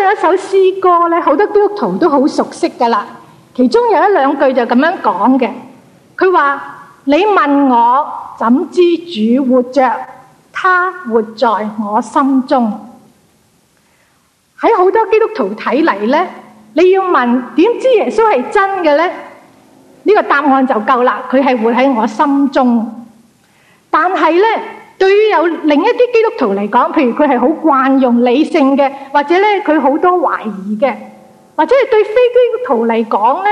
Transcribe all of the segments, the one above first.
有一首詩歌咧，好多基督徒都好熟悉噶啦。其中有一兩句就咁樣講嘅，佢話：你問我怎知主活着？他活在我心中。喺好多基督徒睇嚟咧，你要問點知耶穌係真嘅咧？呢個答案就夠啦。佢係活喺我心中，但係咧。對於有另一啲基督徒嚟講，譬如佢係好慣用理性嘅，或者咧佢好多懷疑嘅，或者係對非基督徒嚟講咧，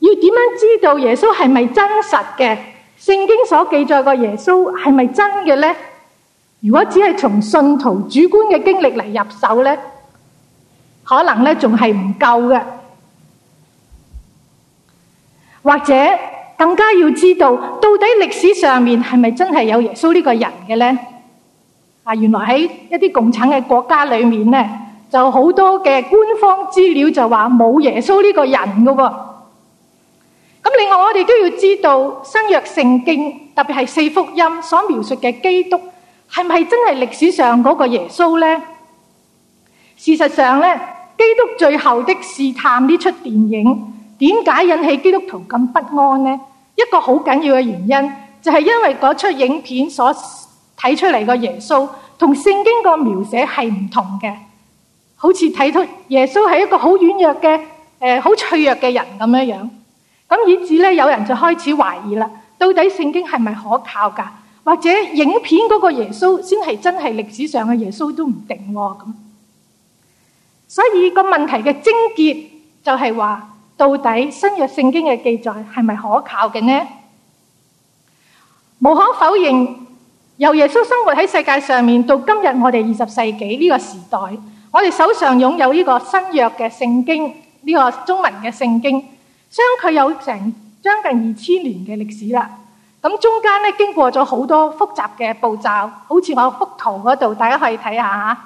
要點樣知道耶穌係咪真實嘅？聖經所記載嘅耶穌係咪真嘅咧？如果只係從信徒主觀嘅經歷嚟入手咧，可能咧仲係唔夠嘅，或者。更加要知道到底歷史上面係咪真係有耶穌呢個人嘅咧？啊，原來喺一啲共產嘅國家裏面咧，就好多嘅官方資料就話冇耶穌呢個人噶喎。咁另外我哋都要知道，新約聖經，特別係四福音所描述嘅基督，係咪真係歷史上嗰個耶穌咧？事實上咧，基督最後的試探呢出電影。點解引起基督徒咁不安呢？一個好緊要嘅原因就係因為嗰出影片所睇出嚟個耶穌同聖經個描寫係唔同嘅，好似睇到耶穌係一個好軟弱嘅誒，好脆弱嘅人咁樣樣。咁以至咧，有人就開始懷疑啦，到底聖經係咪可靠噶？或者影片嗰個耶穌先係真係歷史上嘅耶穌都唔定咁。所以個問題嘅症結就係話。到底新約聖經嘅記載係咪可靠嘅呢？無可否認，由耶穌生活喺世界上面到今日，我哋二十世紀呢個時代，我哋手上擁有呢個新約嘅聖經，呢個中文嘅聖經，相距有成將近二千年嘅歷史啦。咁中間咧經過咗好多複雜嘅步驟，好似我幅圖嗰度，大家可以睇下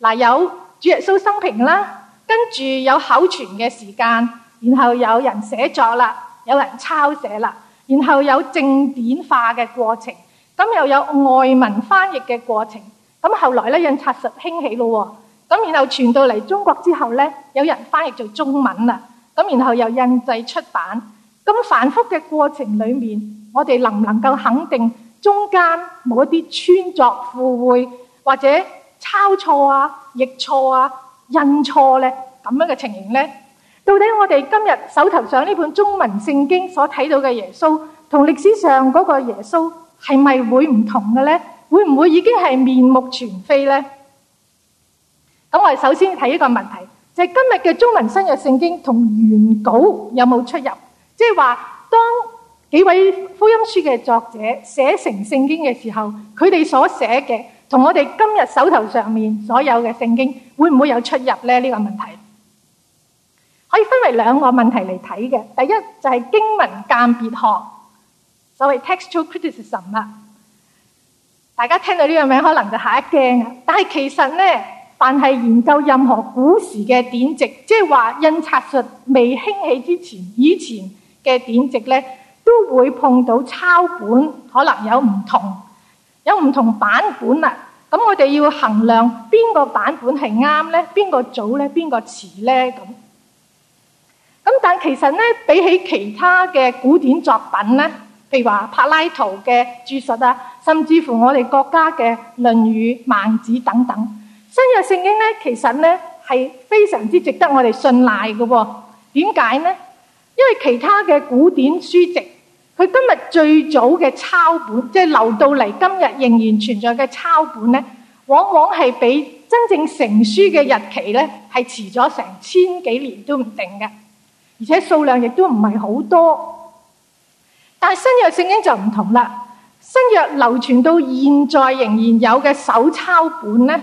吓嗱。有主耶穌生平啦，跟住有口傳嘅時間。然後有人寫作啦，有人抄寫啦，然後有正典化嘅過程，咁又有外文翻譯嘅過程，咁後來呢印刷術興起咯喎，咁然後傳到嚟中國之後呢，有人翻譯做中文啦，咁然後又印製出版，咁反覆嘅過程裏面，我哋能唔能夠肯定中間冇一啲穿作附會，或者抄錯呀，到底我哋今日手頭上呢本中文聖經所睇到嘅耶穌，同歷史上嗰個耶穌係咪會唔同嘅咧？會唔會已經係面目全非咧？咁我哋首先睇一個問題，就係今日嘅中文新約聖經同原稿有冇出入？即係話，當幾位福音書嘅作者寫成聖經嘅時候，佢哋所寫嘅同我哋今日手頭上面所有嘅聖經，會唔會有出入咧？呢個問題。可以分為兩個問題嚟睇嘅，第一就係經文鑑別學，所謂 textual criticism 啦。大家聽到呢個名可能就吓一驚啊！但係其實咧，凡係研究任何古時嘅典籍，即係話印刷術未興起之前，以前嘅典籍咧，都會碰到抄本可能有唔同，有唔同版本啦。咁我哋要衡量邊個版本係啱咧，邊個早咧，邊個遲咧咁。咁但其實咧，比起其他嘅古典作品咧，譬如話柏拉圖嘅注述啊，甚至乎我哋國家嘅《論語》、《孟子》等等，新約聖經咧，其實咧係非常之值得我哋信賴嘅。點解咧？因為其他嘅古典書籍，佢今日最早嘅抄本，即係留到嚟今日仍然存在嘅抄本咧，往往係比真正成書嘅日期咧，係遲咗成千幾年都唔定嘅。而且數量亦都唔係好多，但係新約聖經就唔同啦。新約流傳到現在仍然有嘅手抄本咧，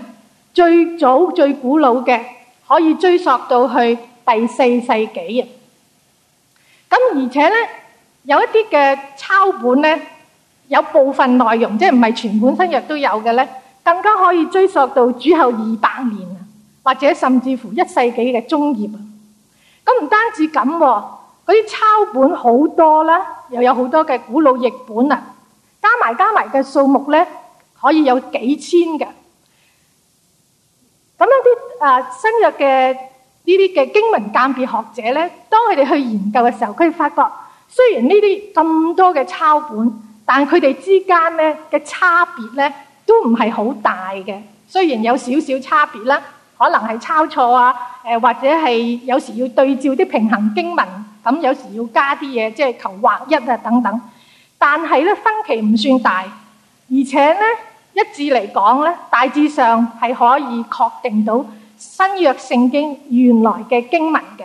最早最古老嘅可以追溯到去第四世紀啊。咁而且咧，有一啲嘅抄本咧，有部分內容即係唔係全本新約都有嘅咧，更加可以追溯到主後二百年啊，或者甚至乎一世紀嘅中葉。咁唔單止咁喎，嗰啲抄本好多啦，又有好多嘅古老譯本啊，加埋加埋嘅數目咧，可以有幾千嘅。咁一啲誒新約嘅呢啲嘅經文鑑別學者咧，當佢哋去研究嘅時候，佢哋發覺雖然呢啲咁多嘅抄本，但佢哋之間咧嘅差別咧都唔係好大嘅，雖然有少少差別啦。可能係抄錯啊，誒或者係有時要對照啲平行經文，咁有時要加啲嘢，即係求劃一啊等等。但係咧分歧唔算大，而且咧一致嚟講咧，大致上係可以確定到新約聖經原來嘅經文嘅。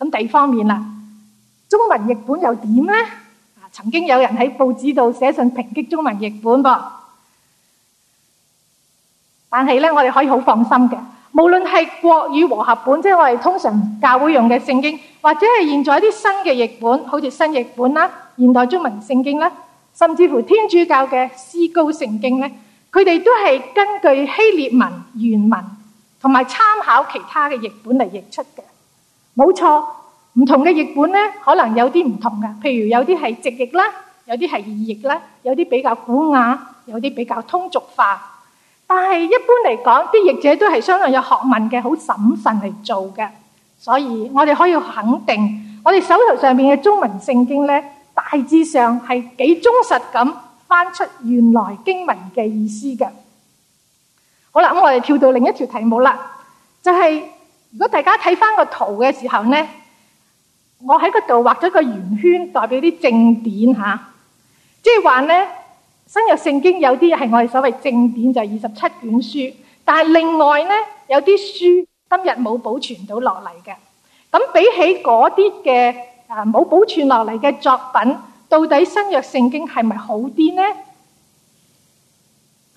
咁第二方面啦，中文譯本又點咧？啊，曾經有人喺報紙度寫信抨擊中文譯本噃。但係咧，我哋可以好放心嘅。無論係國語和合本，即係我哋通常教會用嘅聖經，或者係現在一啲新嘅譯本，好似新譯本啦、現代中文聖經啦，甚至乎天主教嘅思高聖經咧，佢哋都係根據希臘文原文同埋參考其他嘅譯本嚟譯出嘅。冇錯，唔同嘅譯本咧，可能有啲唔同嘅。譬如有啲係直譯啦，有啲係意譯啦，有啲比較古雅，有啲比較通俗化。但係一般嚟講，啲譯者都係相當有學問嘅，好審慎嚟做嘅。所以我哋可以肯定，我哋手頭上邊嘅中文聖經咧，大致上係幾忠實咁翻出原來經文嘅意思嘅。好啦，咁我哋跳到另一條題目啦，就係如果大家睇翻個圖嘅時候咧，我喺個度畫咗個圓圈，代表啲正典吓，即係話咧。新約聖經有啲係我哋所謂正典，就係二十七卷書。但係另外咧，有啲書今日冇保存到落嚟嘅。咁比起嗰啲嘅冇保存落嚟嘅作品，到底新約聖經係咪好啲咧？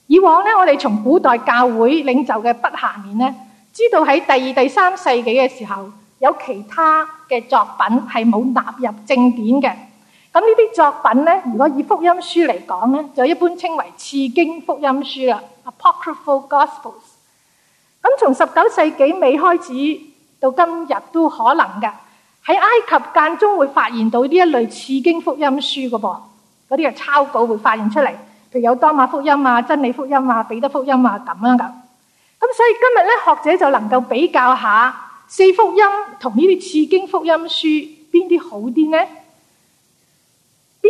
以往咧，我哋從古代教會領袖嘅筆下面咧，知道喺第二、第三世紀嘅時候，有其他嘅作品係冇納入正典嘅。咁呢啲作品咧，如果以福音書嚟講咧，就一般稱為次經福音書啦 （apocryphal gospels）。咁從十九世紀尾開始到今日都可能嘅，喺埃及間中會發現到呢一類次經福音書嘅噃，嗰啲嘅抄稿會發現出嚟，譬如有《多馬福音》啊，《真理福音》啊，《彼得福音》啊咁樣噶。咁所以今日咧，學者就能夠比較下四福音同呢啲次經福音書邊啲好啲咧。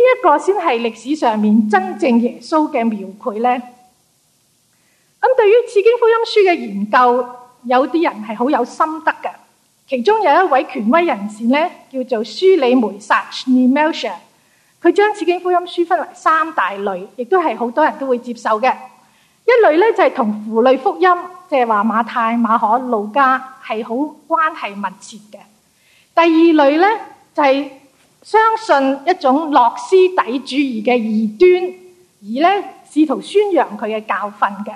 呢、這、一個先係歷史上面真正耶穌嘅描繪咧。咁對於《賜經福音書》嘅研究，有啲人係好有心得嘅。其中有一位權威人士咧，叫做舒里梅薩尼梅爾舍，佢將《賜經福音書》分為三大類，亦都係好多人都會接受嘅。一類咧就係、是、同符類福音，即係話馬太、馬可、路加係好關係密切嘅。第二類咧就係、是。相信一種諾斯底主義嘅異端，而咧試圖宣揚佢嘅教訓嘅。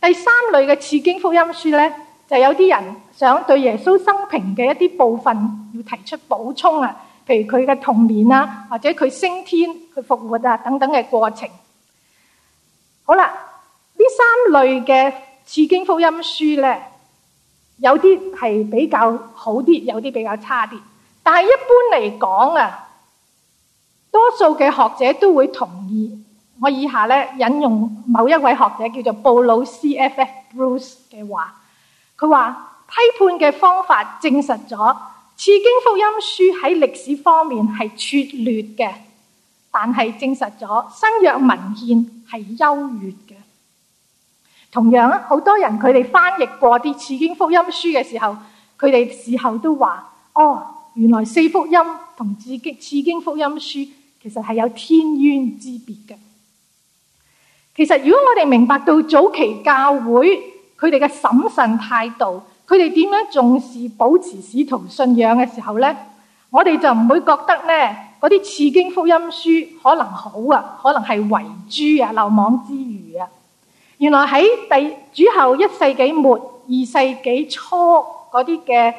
第三類嘅次經福音書咧，就有啲人想對耶穌生平嘅一啲部分要提出補充啊，譬如佢嘅童年啊，或者佢升天、佢復活啊等等嘅過程。好啦，呢三類嘅次經福音書咧，有啲係比較好啲，有啲比較差啲。但係一般嚟講啊，多數嘅學者都會同意。我以下咧引用某一位學者叫做布魯斯 F.F. Bruce 嘅話，佢話批判嘅方法證實咗《次經福音書》喺歷史方面係拙劣嘅，但係證實咗新約文獻係優越嘅。同樣，好多人佢哋翻譯過啲《次經福音書》嘅時候，佢哋事後都話哦。原來四福音同次經次經福音書其實係有天淵之別嘅。其實如果我哋明白到早期教會佢哋嘅審慎態度，佢哋點樣重視保持使徒信仰嘅時候咧，我哋就唔會覺得咧嗰啲次經福音書可能好啊，可能係遺珠啊、漏網之魚啊。原來喺第主後一世紀末二世紀初嗰啲嘅。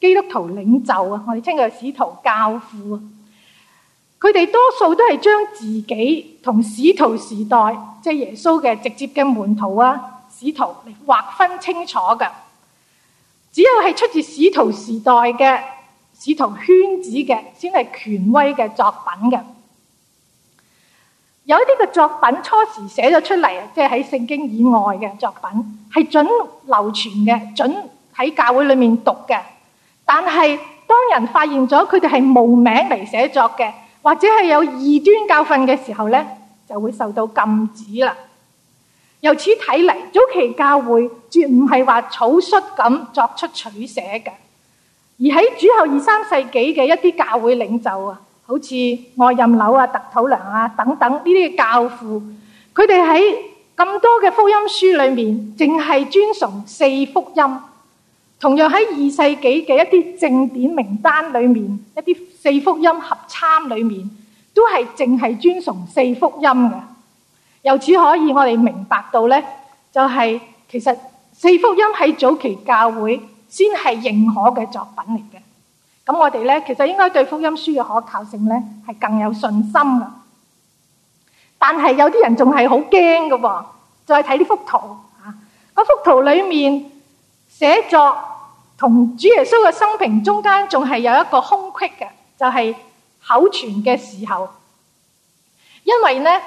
基督徒領袖啊，我哋稱佢係使徒教父啊。佢哋多數都係將自己同使徒時代即係、就是、耶穌嘅直接嘅門徒啊、使徒嚟劃分清楚嘅。只有係出自使徒時代嘅使徒圈子嘅，先係權威嘅作品嘅。有一啲嘅作品初時寫咗出嚟，即係喺聖經以外嘅作品係準流傳嘅，準喺教會裏面讀嘅。但係，當人發現咗佢哋係無名嚟寫作嘅，或者係有異端教訓嘅時候咧，就會受到禁止啦。由此睇嚟，早期教會絕唔係話草率咁作出取捨嘅。而喺主後二三世紀嘅一啲教會領袖啊，好似外任樓啊、特土良啊等等呢啲教父，佢哋喺咁多嘅福音書裏面，淨係尊崇四福音。同樣喺二世紀嘅一啲正典名單裏面，一啲四福音合參裏面，都係淨係尊崇四福音嘅。由此可以，我哋明白到咧，就係其實四福音喺早期教會先係認可嘅作品嚟嘅。咁我哋咧，其實應該對福音書嘅可靠性咧係更有信心㗎。但係有啲人仲係好驚㗎喎。再睇呢幅圖啊，嗰幅圖裏面寫作。同主耶穌嘅生平中間仲係有一個空隙嘅，就係、是、口傳嘅時候。因為咧，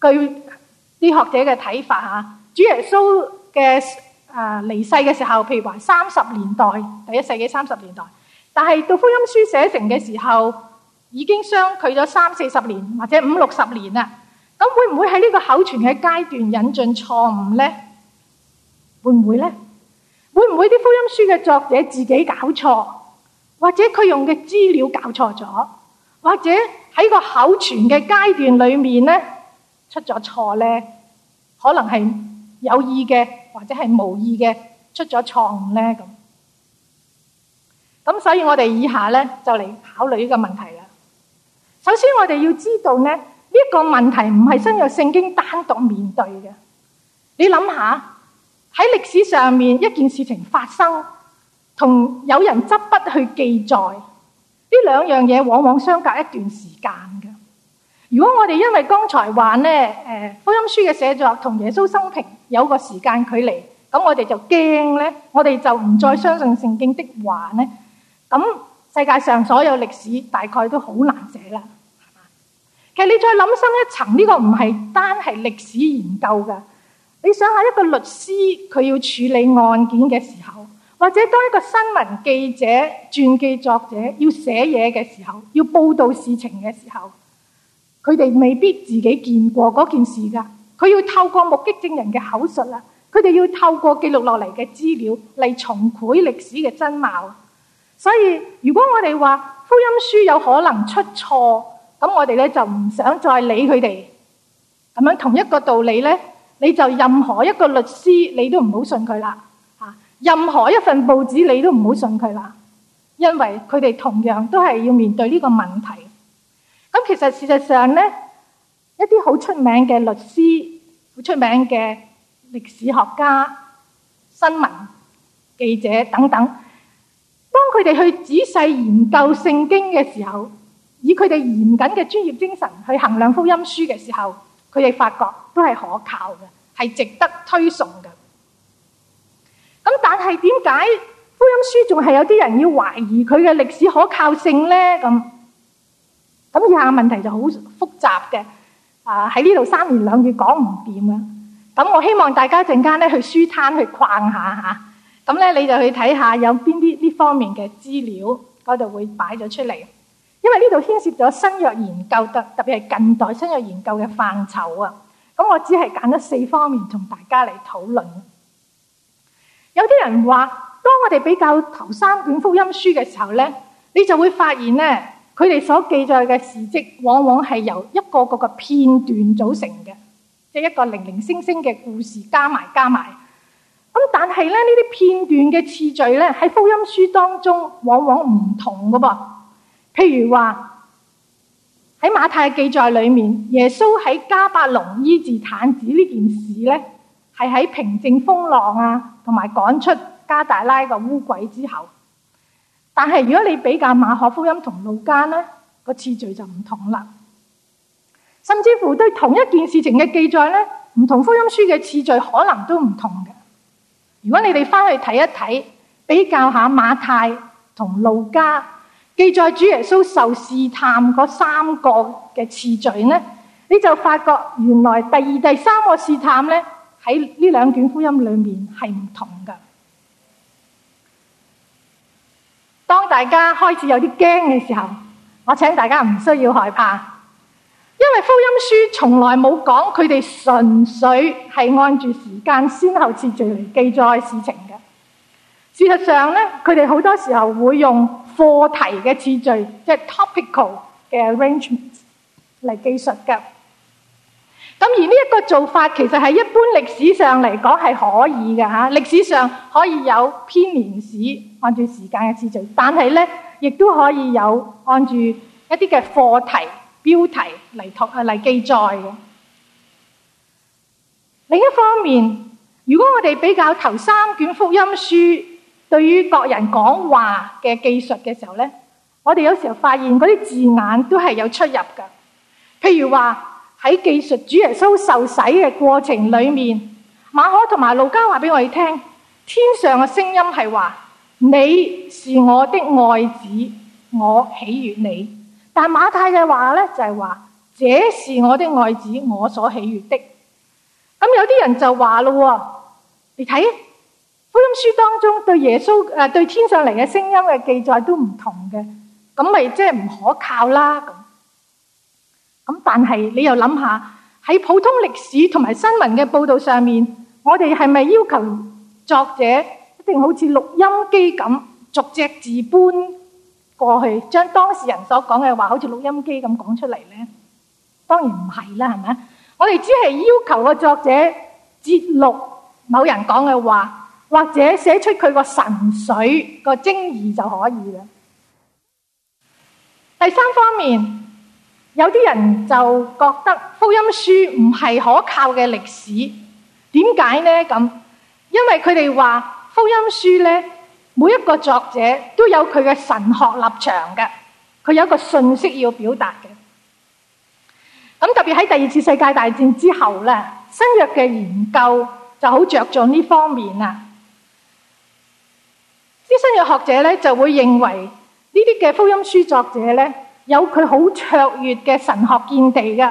據啲學者嘅睇法啊，主耶穌嘅啊、呃、離世嘅時候，譬如話三十年代，第一世紀三十年代。但係到福音書寫成嘅時候，已經相距咗三四十年或者五六十年啦。咁會唔會喺呢個口傳嘅階段引進錯誤咧？會唔會咧？會唔會啲福音書嘅作者自己搞錯，或者佢用嘅資料搞錯咗，或者喺個口傳嘅階段裏面咧出咗錯咧，可能係有意嘅，或者係無意嘅出咗錯誤咧咁。咁所以我哋以下咧就嚟考慮呢個問題啦。首先我哋要知道咧呢個問題唔係新約聖經單獨面對嘅，你諗下。喺歷史上面，一件事情發生，同有人執筆去記載，呢兩樣嘢，往往相隔一段時間嘅。如果我哋因為剛才話咧，誒福音書嘅寫作同耶穌生平有個時間距離，咁我哋就驚咧，我哋就唔再相信聖經的話咧。咁世界上所有歷史大概都好難寫啦。其實你再諗深一層，呢個唔係單係歷史研究噶。你想下一個律師佢要處理案件嘅時候，或者當一個新聞記者、傳記作者要寫嘢嘅時候，要報道事情嘅時候，佢哋未必自己見過嗰件事㗎，佢要透過目擊證人嘅口述啦，佢哋要透過記錄落嚟嘅資料嚟重繪歷史嘅真貌。所以如果我哋話福音書有可能出錯，咁我哋咧就唔想再理佢哋。咁樣同一個道理咧。你就任何一個律師，你都唔好信佢啦吓，任何一份報紙，你都唔好信佢啦，因為佢哋同樣都係要面對呢個問題。咁其實事實上咧，一啲好出名嘅律師、好出名嘅歷史學家、新聞記者等等，當佢哋去仔細研究聖經嘅時候，以佢哋嚴謹嘅專業精神去衡量福音書嘅時候，佢哋發覺都係可靠嘅，係值得推崇嘅。咁但係點解福音書仲係有啲人要懷疑佢嘅歷史可靠性咧？咁、嗯、咁以下問題就好複雜嘅。啊，喺呢度三言兩語講唔掂啊！咁、嗯、我希望大家陣間咧去書攤去逛一下嚇。咁、啊、咧、嗯、你就去睇下有邊啲呢方面嘅資料，我就會擺咗出嚟。因為呢度牽涉咗新約研究，特特別係近代新約研究嘅範疇啊，咁我只係揀咗四方面同大家嚟討論。有啲人話，當我哋比較頭三卷福音書嘅時候咧，你就會發現咧，佢哋所記載嘅事跡往往係由一個個嘅片段組成嘅，即係一個零零星星嘅故事加埋加埋。咁但係咧，呢啲片段嘅次序咧，喺福音書當中往往唔同噶噃。譬如話喺馬太記載裏面，耶穌喺加百隆醫治癱子呢件事咧，係喺平靜風浪啊，同埋趕出加大拉嘅污鬼之後。但係如果你比較馬可福音同路加咧，個次序就唔同啦。甚至乎對同一件事情嘅記載咧，唔同福音書嘅次序可能都唔同嘅。如果你哋翻去睇一睇，比較下馬太同路加。記載主耶穌受試探嗰三個嘅次序呢？你就發覺原來第二、第三個試探呢，喺呢兩卷福音裏面係唔同噶。當大家開始有啲驚嘅時候，我請大家唔需要害怕，因為福音書從來冇講佢哋純粹係按住時間先後次序嚟記載事情。事實上咧，佢哋好多時候會用課題嘅次序，即係 topical 嘅 arrangement 嚟記述噶。咁而呢一個做法，其實係一般歷史上嚟講係可以嘅吓。歷史上可以有編年史按照時間嘅次序，但係咧亦都可以有按住一啲嘅課題標題嚟托啊嚟記載嘅。另一方面，如果我哋比較頭三卷福音書。對於各人講話嘅記述嘅時候呢，我哋有時候發現嗰啲字眼都係有出入㗎。譬如話喺記述主耶穌受洗嘅過程裏面，馬可同埋路加話俾我哋聽，天上嘅聲音係話你是我的愛子，我喜悅你。但馬太嘅話呢就係話這是我的愛子，我所喜悅的。咁有啲人就話咯喎，你睇。福音書當中對耶穌誒對天上嚟嘅聲音嘅記載都唔同嘅，咁咪即係唔可靠啦。咁咁，但係你又諗下喺普通歷史同埋新聞嘅報導上面，我哋係咪要求作者一定好似錄音機咁逐隻字搬過去，將當事人所講嘅話好似錄音機咁講出嚟咧？當然唔係啦，係咪？我哋只係要求個作者節錄某人講嘅話。或者寫出佢個神髓個精義就可以了。第三方面，有啲人就覺得福音書唔係可靠嘅歷史，點解呢？咁因為佢哋話福音書呢，每一個作者都有佢嘅神學立場嘅，佢有一個信息要表達嘅。咁特別喺第二次世界大戰之後咧，新約嘅研究就好着重呢方面啦。啲新約學者咧就會認為呢啲嘅福音書作者咧，有佢好卓越嘅神學見地嘅。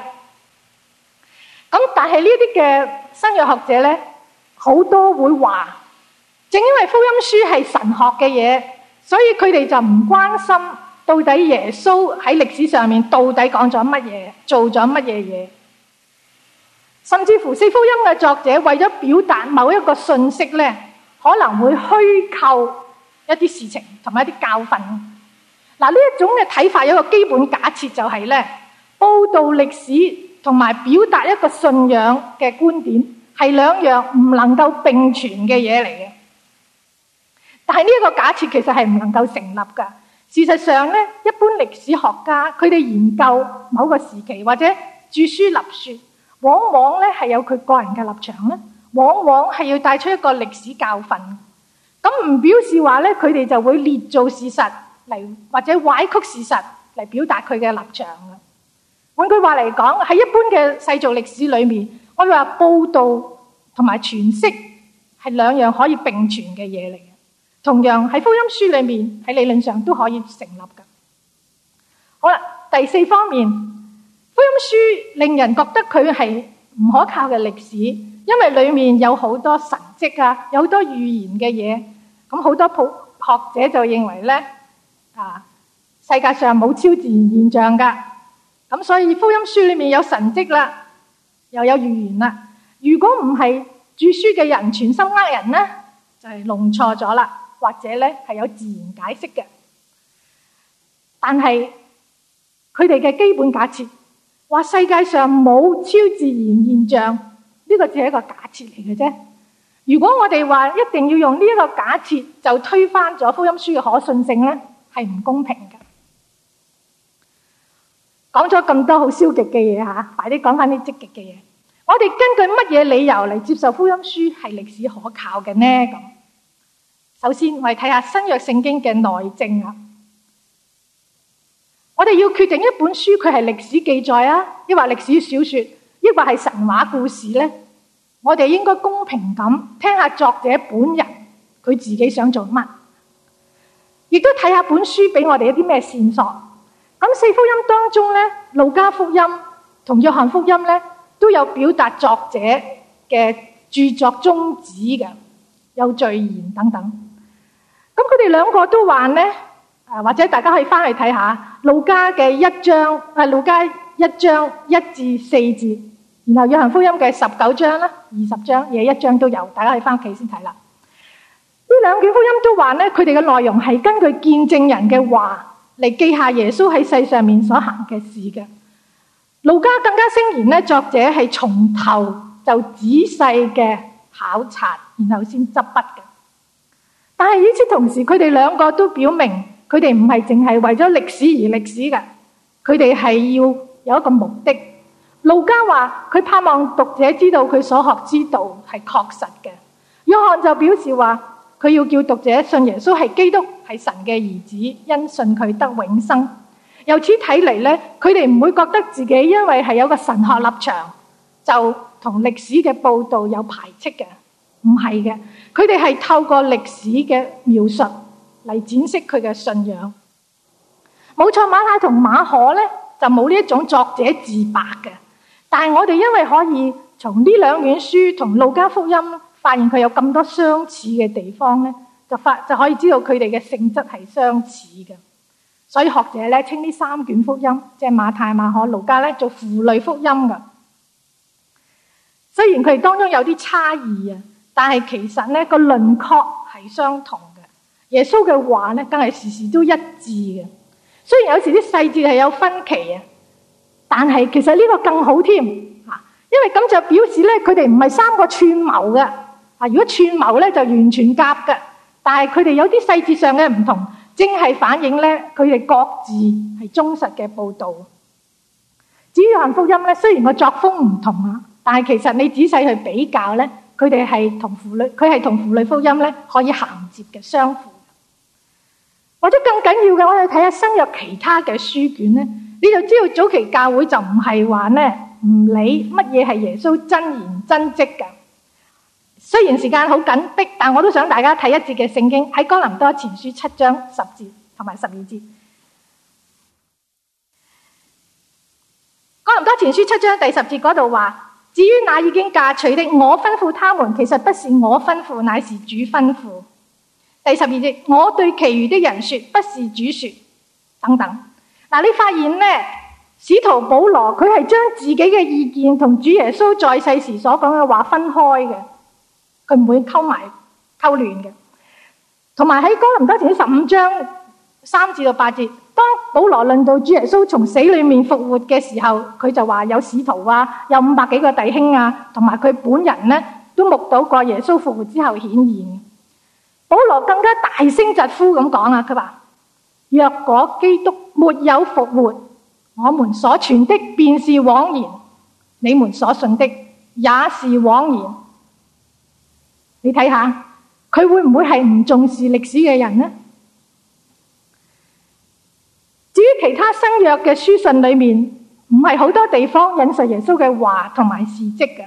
咁但係呢啲嘅新約學者咧，好多會話，正因為福音書係神學嘅嘢，所以佢哋就唔關心到底耶穌喺歷史上面到底講咗乜嘢，做咗乜嘢嘢。甚至乎四福音嘅作者為咗表達某一個信息咧，可能會虛構。一啲事情同埋一啲教訓，嗱，呢一種嘅睇法有一個基本假設就係咧，報道歷史同埋表達一個信仰嘅觀點係兩樣唔能夠並存嘅嘢嚟嘅。但係呢一個假設其實係唔能夠成立噶事實上咧，一般歷史學家佢哋研究某個時期或者著書立說，往往咧係有佢個人嘅立場，往往係要帶出一個歷史教訓。咁唔表示話咧，佢哋就會捏造事實嚟，或者歪曲事實嚟表達佢嘅立場啊。換句話嚟講，喺一般嘅世俗歷史裏面，我哋話報道同埋詮釋係兩樣可以並存嘅嘢嚟。同樣喺福音書裏面，喺理論上都可以成立噶。好啦，第四方面，福音書令人覺得佢係唔可靠嘅歷史，因為裏面有好多神跡啊，有好多預言嘅嘢。咁好多普學者就認為咧，啊世界上冇超自然現象噶，咁所以福音書裏面有神跡啦，又有預言啦。如果唔係著書嘅人全心呃人咧，就係、是、弄錯咗啦，或者咧係有自然解釋嘅。但係佢哋嘅基本假設話世界上冇超自然現象，呢個只係一個假設嚟嘅啫。如果我哋話一定要用呢一個假設就推翻咗福音書嘅可信性咧，係唔公平嘅。講咗咁多好消極嘅嘢吓，快啲講翻啲積極嘅嘢。我哋根據乜嘢理由嚟接受福音書係歷史可靠嘅呢？咁，首先我哋睇下新約聖經嘅內證啊。我哋要決定一本書佢係歷史記載啊，抑或歷史小說，抑或係神話故事咧。我然後，然後，然後約翰福音嘅19章啦, 20章, 21章都有。路加話：佢盼望讀者知道佢所學之道係確實嘅。約翰就表示話：佢要叫讀者信耶穌係基督係神嘅兒子，因信佢得永生。由此睇嚟咧，佢哋唔會覺得自己因為係有個神學立場，就同歷史嘅報導有排斥嘅。唔係嘅，佢哋係透過歷史嘅描述嚟展示佢嘅信仰。冇錯，馬太同馬可咧就冇呢一種作者自白嘅。但係我哋因為可以從呢兩卷書同路加福音發現佢有咁多相似嘅地方咧，就發就可以知道佢哋嘅性質係相似嘅。所以學者咧稱呢三卷福音，即係馬太、馬可、路加咧做符類福音嘅。雖然佢哋當中有啲差異啊，但係其實咧個輪廓係相同嘅。耶穌嘅話咧，梗係時時都一致嘅。雖然有時啲細節係有分歧啊。但係其實呢個更好添，吓，因為咁就表示咧，佢哋唔係三個串謀嘅，啊，如果串謀咧就完全夾嘅，但係佢哋有啲細節上嘅唔同，正係反映咧佢哋各自係忠實嘅報道。至於行福音咧，雖然個作風唔同啊，但係其實你仔細去比較咧，佢哋係同父女，佢係同父女福音咧可以銜接嘅相符。或者更緊要嘅，我哋睇下新約其他嘅書卷咧。你就知道早期教會就唔係話呢，唔理乜嘢係耶穌真言真跡㗎。雖然時間好緊迫，但我都想大家睇一節嘅聖經喺哥林多前書七章十節同埋十二節。哥林多前書七章第十節嗰度話：至於那已經嫁娶的，我吩咐他們，其實不是我吩咐，乃是主吩咐。第十二節，我對其餘的人說，不是主說，等等。嗱，你發現咧，使徒保羅佢係將自己嘅意見同主耶穌在世時所講嘅話分開嘅，佢唔會溝埋溝亂嘅。同埋喺《哥林多前》十五章三至到八節，當保羅論到主耶穌從死裏面復活嘅時候，佢就話有使徒啊，有五百幾個弟兄啊，同埋佢本人咧都目睹過耶穌復活之後顯現。保羅更加大聲疾呼咁講啊，佢話。若果基督沒有復活，我們所傳的便是枉然，你們所信的也是枉然。你睇下，佢會唔會係唔重視歷史嘅人呢？至於其他新約嘅書信裏面，唔係好多地方引述耶穌嘅話同埋事蹟嘅，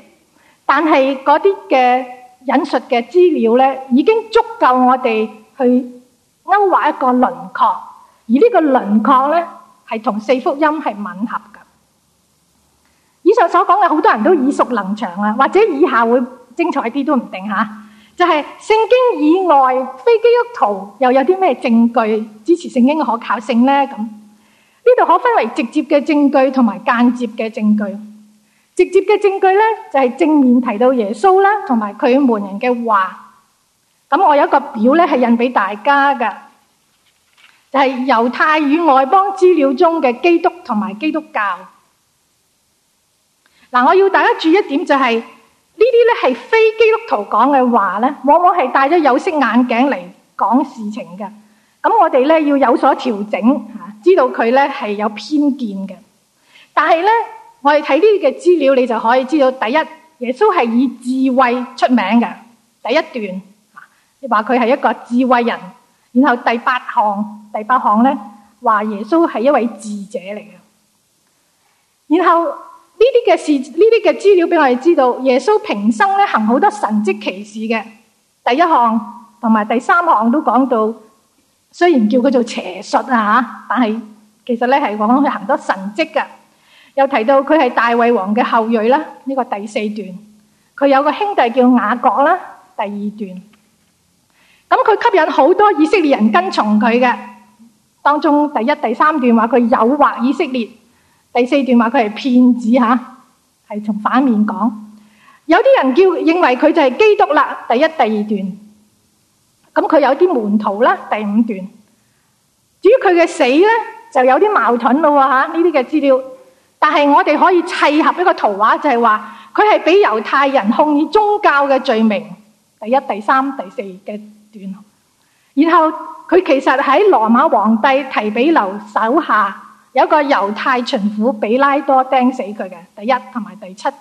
但係嗰啲嘅引述嘅資料咧，已經足夠我哋去勾畫一個輪廓。而呢個輪廓咧，係同四福音係吻合噶。以上所講嘅好多人都耳熟能詳啦，或者以下會精彩啲都唔定吓。就係聖經以外非基督徒又有啲咩證據支持聖經嘅可靠性咧？咁呢度可分為直接嘅證據同埋間接嘅證據。直接嘅證據咧，就係正面提到耶穌啦，同埋佢門人嘅話。咁我有一個表咧，係印俾大家噶。就係、是、猶太與外邦資料中嘅基督同埋基督教。嗱，我要大家注意一點就係呢啲咧係非基督徒講嘅話咧，往往係戴咗有色眼鏡嚟講事情嘅。咁我哋咧要有所調整，知道佢咧係有偏見嘅。但係咧，我哋睇呢啲嘅資料，你就可以知道，第一耶穌係以智慧出名嘅。第一段，你話佢係一個智慧人。然後第八項，第八項咧，話耶穌係一位智者嚟嘅。然後呢啲嘅事，呢啲嘅資料俾我哋知道，耶穌平生咧行好多神蹟奇事嘅。第一項同埋第三項都講到，雖然叫佢做邪術啊吓，但係其實咧係往去行多神蹟嘅。又提到佢係大衛王嘅後裔啦，呢、呢個第四段。佢有個兄弟叫雅各啦，第二段。咁佢吸引好多以色列人跟從佢嘅，當中第一、第三段話佢誘惑以色列；第四段話佢係騙子嚇，係從反面講。有啲人叫認為佢就係基督啦，第一、第二段。咁佢有啲門徒啦，第五段。至於佢嘅死咧，就有啲矛盾咯嚇，呢啲嘅資料。但係我哋可以砌合一個圖畫，就係話佢係俾猶太人控以宗教嘅罪名，第一、第三、第四嘅。然後佢其實喺羅馬皇帝提庇留手下，有一個猶太巡撫比拉多釘死佢嘅，第一同埋第七段。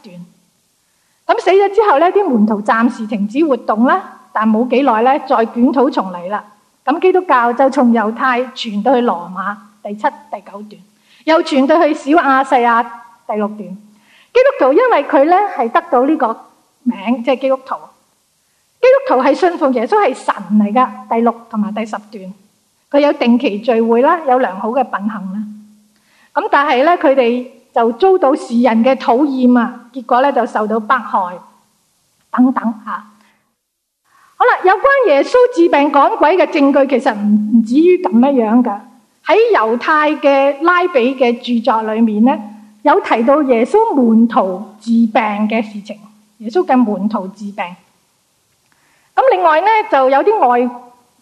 咁死咗之後咧，啲門徒暫時停止活動啦，但冇幾耐咧，再捲土重嚟啦。咁基督教就從猶太傳到去羅馬，第七、第九段，又傳到去小亞細亞，第六段。基督徒因為佢咧係得到呢個名，即係基督徒。基督徒係信奉耶穌係神嚟噶。第六同埋第十段，佢有定期聚會啦，有良好嘅品行啦。咁但係咧，佢哋就遭到世人嘅討厭啊。結果咧就受到迫害等等吓。好啦，有關耶穌治病趕鬼嘅證據，其實唔唔止於咁樣樣噶。喺猶太嘅拉比嘅著作裏面咧，有提到耶穌門徒治病嘅事情。耶穌嘅門徒治病。咁另外咧，就有啲外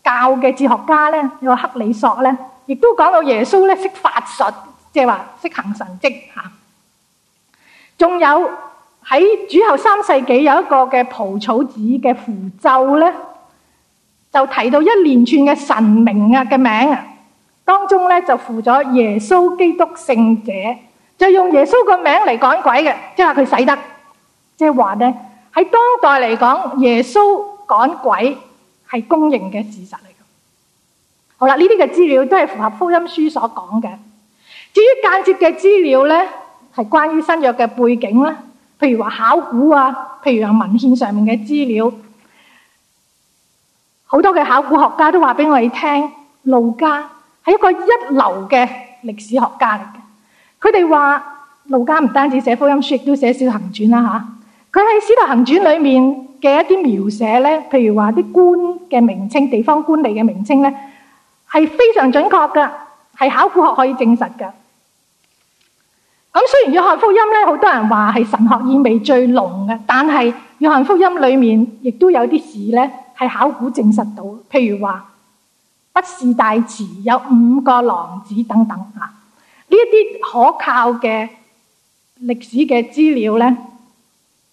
教嘅哲學家咧，有個克里索咧，亦都講到耶穌咧識法術，即係話識行神蹟嚇。仲有喺主後三世紀有一個嘅蒲草紙嘅符咒咧，就提到一連串嘅神明啊嘅名啊，當中咧就附咗耶穌基督聖者，就用耶穌個名嚟趕鬼嘅，即係話佢使得，即係話咧喺當代嚟講耶穌。趕鬼係公認嘅事實嚟嘅。好啦，呢啲嘅資料都係符合福音書所講嘅。至於間接嘅資料咧，係關於新約嘅背景啦，譬如話考古啊，譬如話文獻上面嘅資料，好多嘅考古學家都話俾我哋聽，路加係一個一流嘅歷史學家嚟嘅。佢哋話路加唔單止寫福音書，亦都寫《使徒行傳》啦吓。佢喺《使徒行傳》裏面。嘅一啲描寫咧，譬如話啲官嘅名稱、地方官吏嘅名稱咧，係非常準確嘅，係考古學可以證實嘅。咁雖然《約翰福音》咧，好多人話係神學意味最濃嘅，但係《約翰福音》裡面亦都有啲事咧係考古證實到的，譬如話畢士大池有五個廊子等等啊，呢一啲可靠嘅歷史嘅資料咧。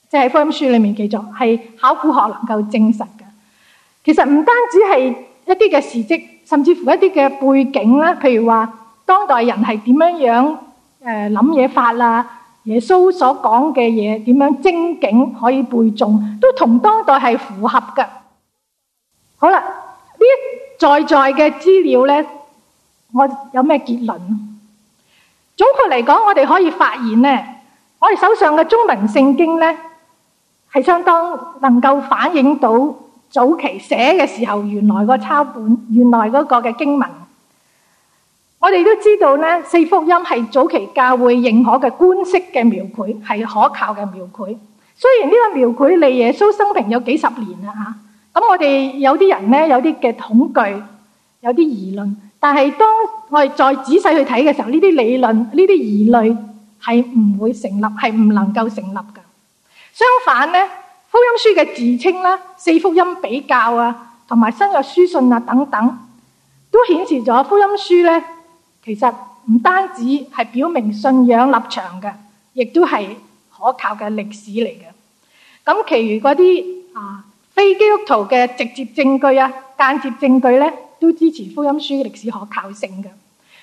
即係福音書裏面記載，係考古學能夠證實嘅。其實唔單止係一啲嘅事跡，甚至乎一啲嘅背景啦，譬如話當代人係點樣樣誒諗嘢法啦，耶穌所講嘅嘢點樣精警可以背誦，都同當代係符合嘅。好啦，呢一在在嘅資料咧，我有咩結論？總括嚟講，我哋可以發現咧，我哋手上嘅中文聖經咧。係相當能夠反映到早期寫嘅時候，原來個抄本，原來嗰個嘅經文。我哋都知道咧，四福音係早期教會認可嘅官式嘅描繪，係可靠嘅描繪。雖然呢個描繪離耶穌生平有幾十年啦吓，咁我哋有啲人咧，有啲嘅恐懼，有啲疑論。但係當我哋再仔細去睇嘅時候，呢啲理論，呢啲疑慮係唔會成立，係唔能夠成立。相反咧，福音書嘅自稱啦、四福音比較啊，同埋新約書信啊等等，都顯示咗福音書咧，其實唔單止係表明信仰立場嘅，亦都係可靠嘅歷史嚟嘅。咁，其餘嗰啲啊，非基督徒嘅直接證據啊、間接證據咧，都支持福音書嘅歷史可靠性嘅。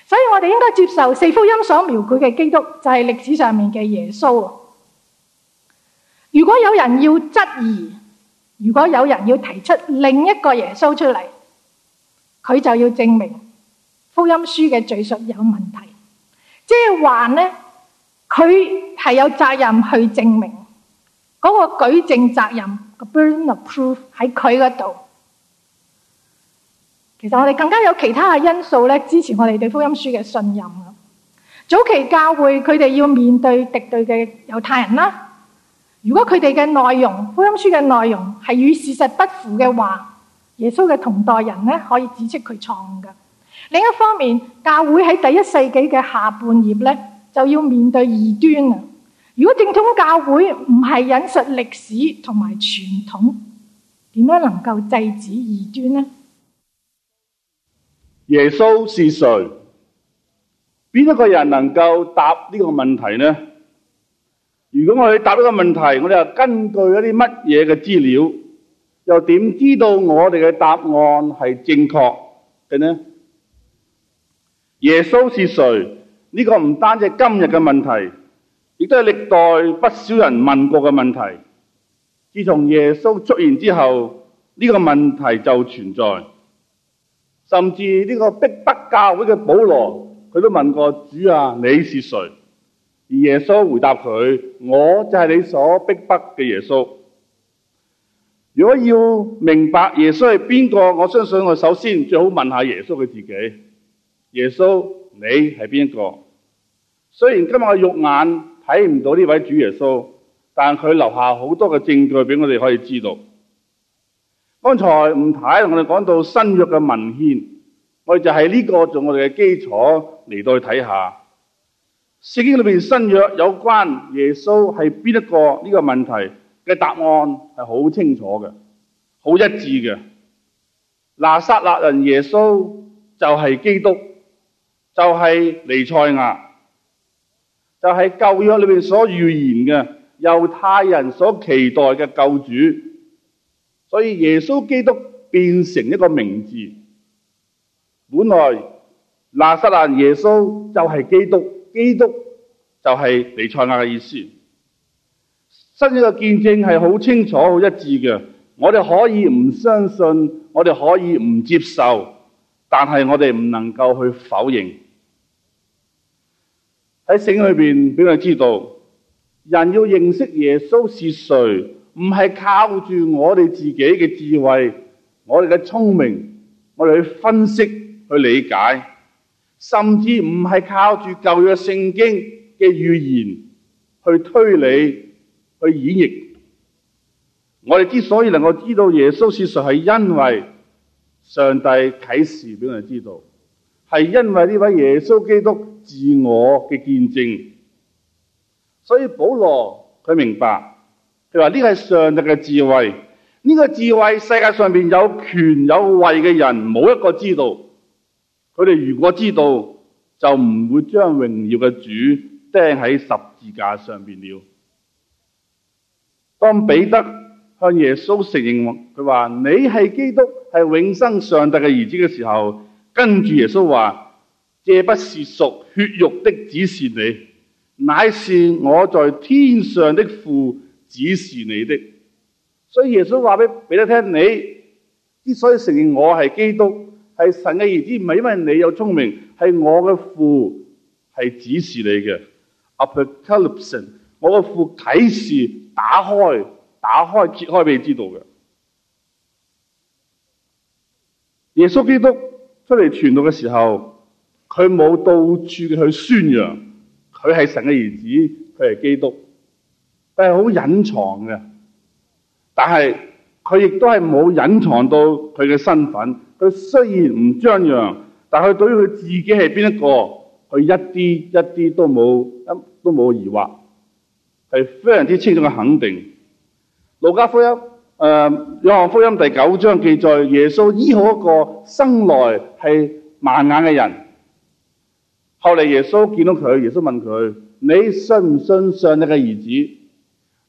所以我哋應該接受四福音所描繪嘅基督就係歷史上面嘅耶穌。如果有人要質疑，如果有人要提出另一個耶穌出嚟，佢就要證明福音書嘅敘述有問題。即係話咧，佢係有責任去證明嗰、嗰個舉證責任嘅、嗰個、burden of proof 喺佢嗰度。其實我哋更加有其他嘅因素咧，支持我哋對福音書嘅信任。早期教會佢哋要面對敵對嘅猶太人啦。如果佢哋嘅內容，福音書嘅內容係與事實不符嘅話，耶穌嘅同代人咧可以指出佢錯誤嘅。另一方面，教會喺第一世紀嘅下半葉咧就要面對異端啊。如果正統教會唔係引述歷史同埋傳統，點樣能夠制止異端呢？耶穌是誰？邊一個人能夠答呢個問題呢？如果我哋答呢個問題，我哋又根據一啲乜嘢嘅資料，又點知道我哋嘅答案係正確嘅呢？耶穌是誰？呢個唔單止今日嘅問題，亦都係歷代不少人問過嘅問題。自從耶穌出現之後，呢個問題就存在，甚至呢個逼迫教會嘅保羅，佢都問過主啊：你是誰？而耶穌回答佢：我就係你所逼迫嘅耶穌。如果要明白耶穌係邊個，我相信我首先最好問下耶穌佢自己。耶穌，你係邊一個？雖然今日我肉眼睇唔到呢位主耶穌，但佢留下好多嘅證據俾我哋可以知道。剛才吳太同我哋講到新約嘅文獻，我哋就係呢個做我哋嘅基礎嚟到去睇下。聖經裏邊新約有關耶穌係邊一個呢個問題嘅答案係好清楚嘅，好一致嘅。拿撒勒人耶穌就係基督，就係彌賽亞，就係舊約裏邊所預言嘅猶太人所期待嘅救主。所以耶穌基督變成一個名字，本來拿撒勒耶穌就係基督。基督就係彌賽亞嘅意思，新約嘅見證係好清楚、好一致嘅。我哋可以唔相信，我哋可以唔接受，但係我哋唔能夠去否認。喺聖經裏邊，俾我哋知道，人要認識耶穌是誰，唔係靠住我哋自己嘅智慧、我哋嘅聰明，我哋去分析去理解。甚至唔係靠住舊約聖經嘅預言，去推理去演繹，我哋之所以能夠知道耶穌事實係因為上帝啟示俾我哋知道，係因為呢位耶穌基督自我嘅見證。所以保羅佢明白，佢話呢個係上帝嘅智慧，呢個智慧世界上面有權有位嘅人冇一個知道。佢哋如果知道，就唔會將榮耀嘅主釘喺十字架上邊了。當彼得向耶穌承認，佢話你係基督，係永生上帝嘅兒子嘅時候，跟住耶穌話：這不是屬血肉的，指示你，乃是我在天上的父，指示你的。所以耶穌話俾彼得聽，你之所以承認我係基督。係神嘅兒子，唔係因為你有聰明，係我嘅父係指示你嘅。Apocalypse, 我嘅父啟示打開，打開揭開俾你知道嘅。耶穌基督出嚟傳道嘅時候，佢冇到處去宣揚，佢係神嘅兒子，佢係基督，佢係好隱藏嘅。但係佢亦都係冇隱藏到佢嘅身份。佢雖然唔張揚，但佢對於佢自己係邊一個，佢一啲一啲都冇一都冇疑惑，係非常之清楚嘅肯定。路加福音誒，路、呃、加福音第九章記載，耶穌醫好一個生來係盲眼嘅人。後嚟耶穌見到佢，耶穌問佢：你信唔信上帝嘅兒子？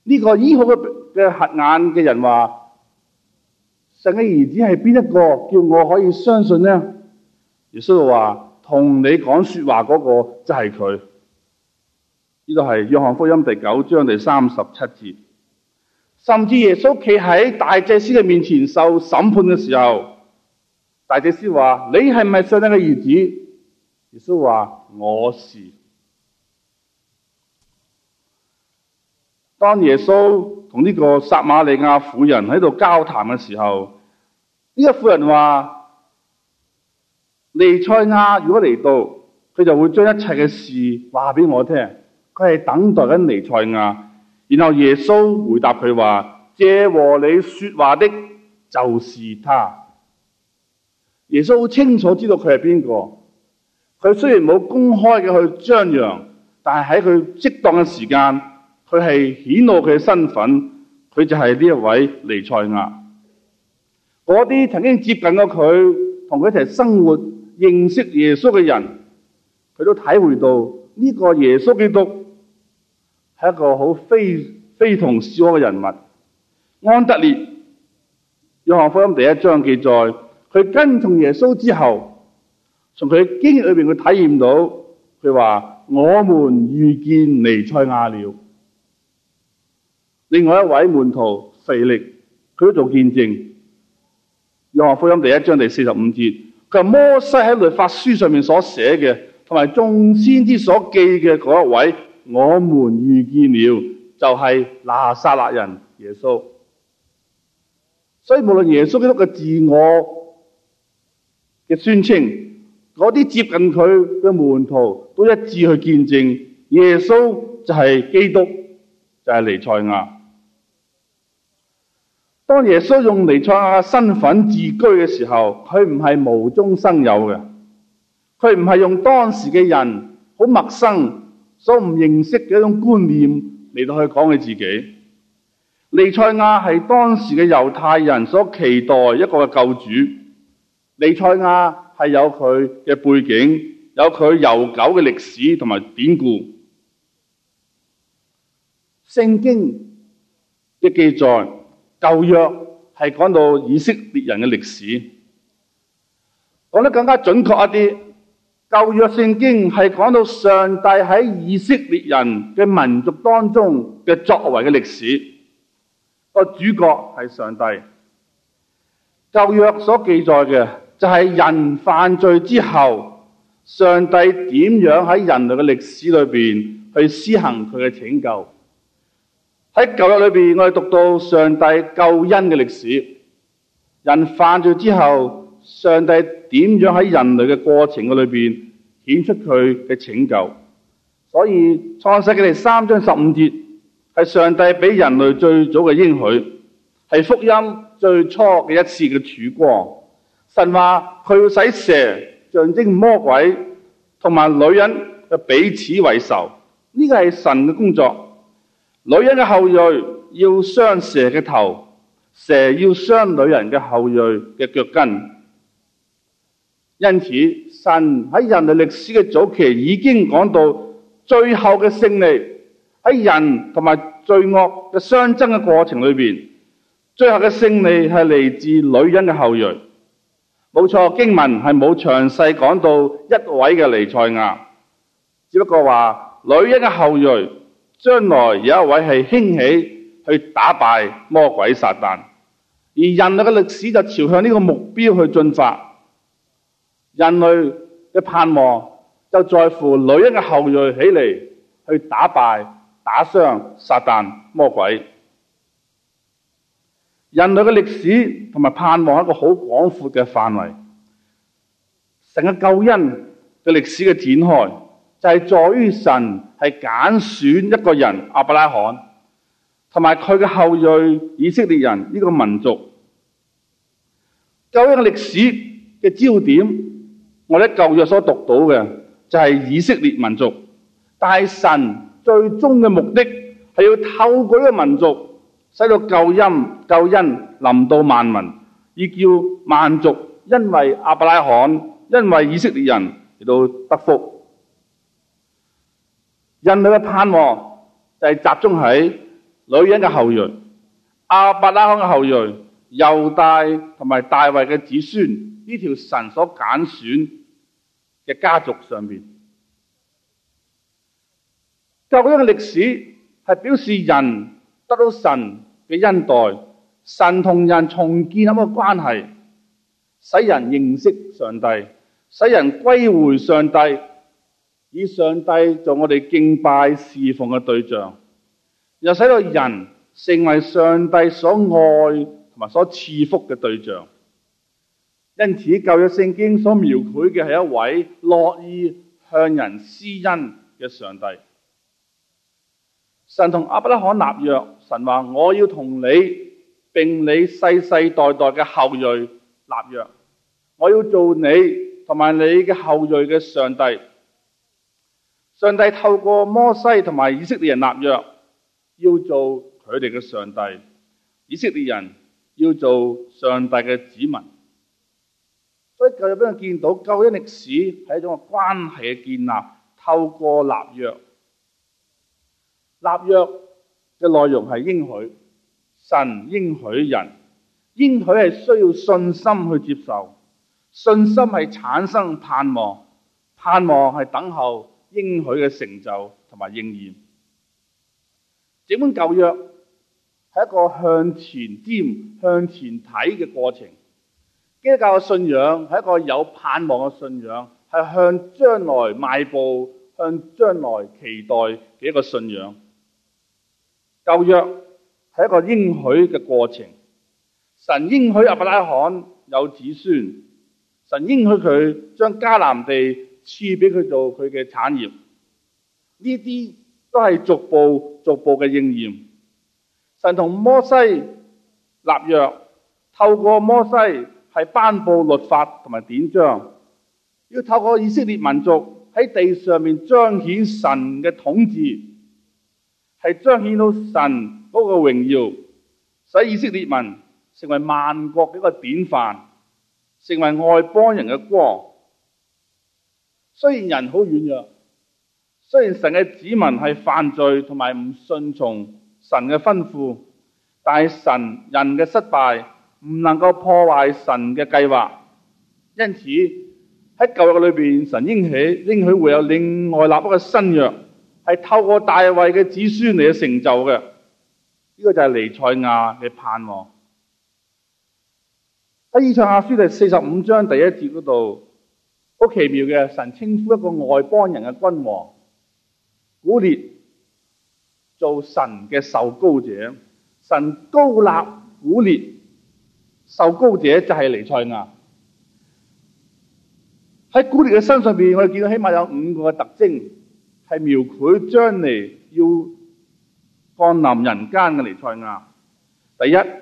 呢、這個醫好嘅嘅瞎眼嘅人話。神嘅兒子係邊一個叫我可以相信呢？耶穌話同你講說話嗰個就係佢。呢度係約翰福音第九章第三十七節。甚至耶穌企喺大祭司嘅面前受審判嘅時候，大祭司話你係咪係上帝嘅兒子？耶穌話我是。當耶穌同呢個撒瑪利亞婦人喺度交談嘅時候，呢個婦人話：彌賽亞如果嚟到，佢就會將一切嘅事話俾我聽。佢係等待緊彌賽亞。然後耶穌回答佢話：這和你說話的，就是他。耶穌好清楚知道佢係邊個。佢雖然冇公開嘅去張揚，但係喺佢適當嘅時間。佢係顯露佢嘅身份，佢就係呢一位彌賽亞。嗰啲曾經接近過佢、同佢一齊生活、認識耶穌嘅人，佢都體會到呢個耶穌基督係一個好非非同小可嘅人物。安德烈，《約翰福音》第一章記載，佢跟從耶穌之後，從佢經歷裏邊，佢體驗到佢話：我們遇見彌賽亞了。另外一位門徒腓力，佢都做見證。約翰福音第一章第四十五節，佢話摩西喺律法書上面所寫嘅，同埋眾先知所記嘅嗰一位，我們遇見了，就係拿撒勒人耶穌。所以無論耶穌基督嘅自我嘅宣稱，嗰啲接近佢嘅門徒都一致去見證，耶穌就係基督，就係、是、尼賽亞。當耶穌用彌賽亞身份自居嘅時候，佢唔係無中生有嘅，佢唔係用當時嘅人好陌生，所唔認識嘅一種觀念嚟到去講佢自己。彌賽亞係當時嘅猶太人所期待一個嘅救主。彌賽亞係有佢嘅背景，有佢悠久嘅歷史同埋典故，聖經嘅記載。舊約係講到以色列人嘅歷史，講得更加準確一啲。舊約聖經係講到上帝喺以色列人嘅民族當中嘅作為嘅歷史，個主角係上帝。舊約所記載嘅就係人犯罪之後，上帝點樣喺人類嘅歷史裏邊去施行佢嘅拯救。喺舊約裏邊，我哋讀到上帝救恩嘅歷史，人犯罪之後，上帝點樣喺人類嘅過程裏邊顯出佢嘅拯救？所以創世記第三章十五節係上帝俾人類最早嘅應許，係福音最初嘅一次嘅曙光。神話佢要使蛇象徵魔鬼，同埋女人嘅彼此為仇，呢個係神嘅工作。女人嘅後裔要傷蛇嘅頭，蛇要傷女人嘅後裔嘅腳跟。因此，神喺人類歷史嘅早期已經講到，最後嘅勝利喺人同埋罪惡嘅相爭嘅過程裏邊，最後嘅勝利係嚟自女人嘅後裔。冇錯，經文係冇詳細講到一位嘅彌賽亞，只不過話女人嘅後裔。將來有一位係興起去打敗魔鬼撒旦，而人類嘅歷史就朝向呢個目標去進發。人類嘅盼望就在乎女人嘅後裔起嚟去打敗、打傷撒旦魔鬼。人類嘅歷史同埋盼望係一個好廣闊嘅範圍，成個救恩嘅歷史嘅展開。就係、是、在於神係揀選一個人，阿伯拉罕，同埋佢嘅後裔以色列人呢個民族。舊約歷史嘅焦點，我哋喺舊約所讀到嘅就係、是、以色列民族。但係神最終嘅目的係要透過呢個民族，使到救恩救恩臨到萬民，亦叫萬族因為阿伯拉罕，因為以色列人嚟到得福。人類嘅盼望就係集中喺女人嘅後裔、阿伯拉罕嘅後裔、猶大同埋大衛嘅子孫呢條神所揀選嘅家族上面。舊一嘅歷史係表示人得到神嘅恩待，神同人重建咁嘅關係，使人認識上帝，使人歸回上帝。以上帝做我哋敬拜侍奉嘅對象，又使到人成為上帝所愛同埋所賜福嘅對象。因此，舊約聖經所描繪嘅係一位樂意向人施恩嘅上帝。神同亞伯拉罕立約，神話，我要同你並你世世代代嘅後裔立約，我要做你同埋你嘅後裔嘅上帝。上帝透過摩西同埋以色列人立約，要做佢哋嘅上帝；以色列人要做上帝嘅子民。所以舊日畀人見到舊約歷史係一種關係嘅建立，透過立約。立約嘅內容係應許，神應許人，應許係需要信心去接受，信心係產生盼望，盼望係等候，應許嘅成就同埋應驗，整本舊約係一個向前瞻、向前睇嘅過程。基督教嘅信仰係一個有盼望嘅信仰，係向將來邁步、向將來期待嘅一個信仰。舊約係一個應許嘅過程，神應許亞伯拉罕有子孫，神應許佢將迦南地，賜俾佢做佢嘅產業，呢啲都係逐步逐步嘅應驗。神同摩西立約，透過摩西係頒布律法同埋典章，要透過以色列民族喺地上面彰顯神嘅統治，係彰顯到神嗰個榮耀，使以色列民成為萬國嘅一個典範，成為外邦人嘅光。雖然人好軟弱，雖然神嘅子民係犯罪同埋唔順從神嘅吩咐，但係神人嘅失敗唔能夠破壞神嘅計劃。因此喺舊約裏邊，神應許應許會有另外立一個新約，係透過大衛嘅子孫嚟嘅成就嘅。呢、這個就係彌賽亞嘅盼望。喺以賽亞書第四十五章第一節嗰度。好奇妙嘅，神稱呼一個外邦人嘅君王古列做神嘅受膏者，神膏立古列受膏者就係尼賽亞。喺古列嘅身上邊，我哋見到起碼有五個特徵，係描繪將嚟要降臨人間嘅尼賽亞。第一，呢、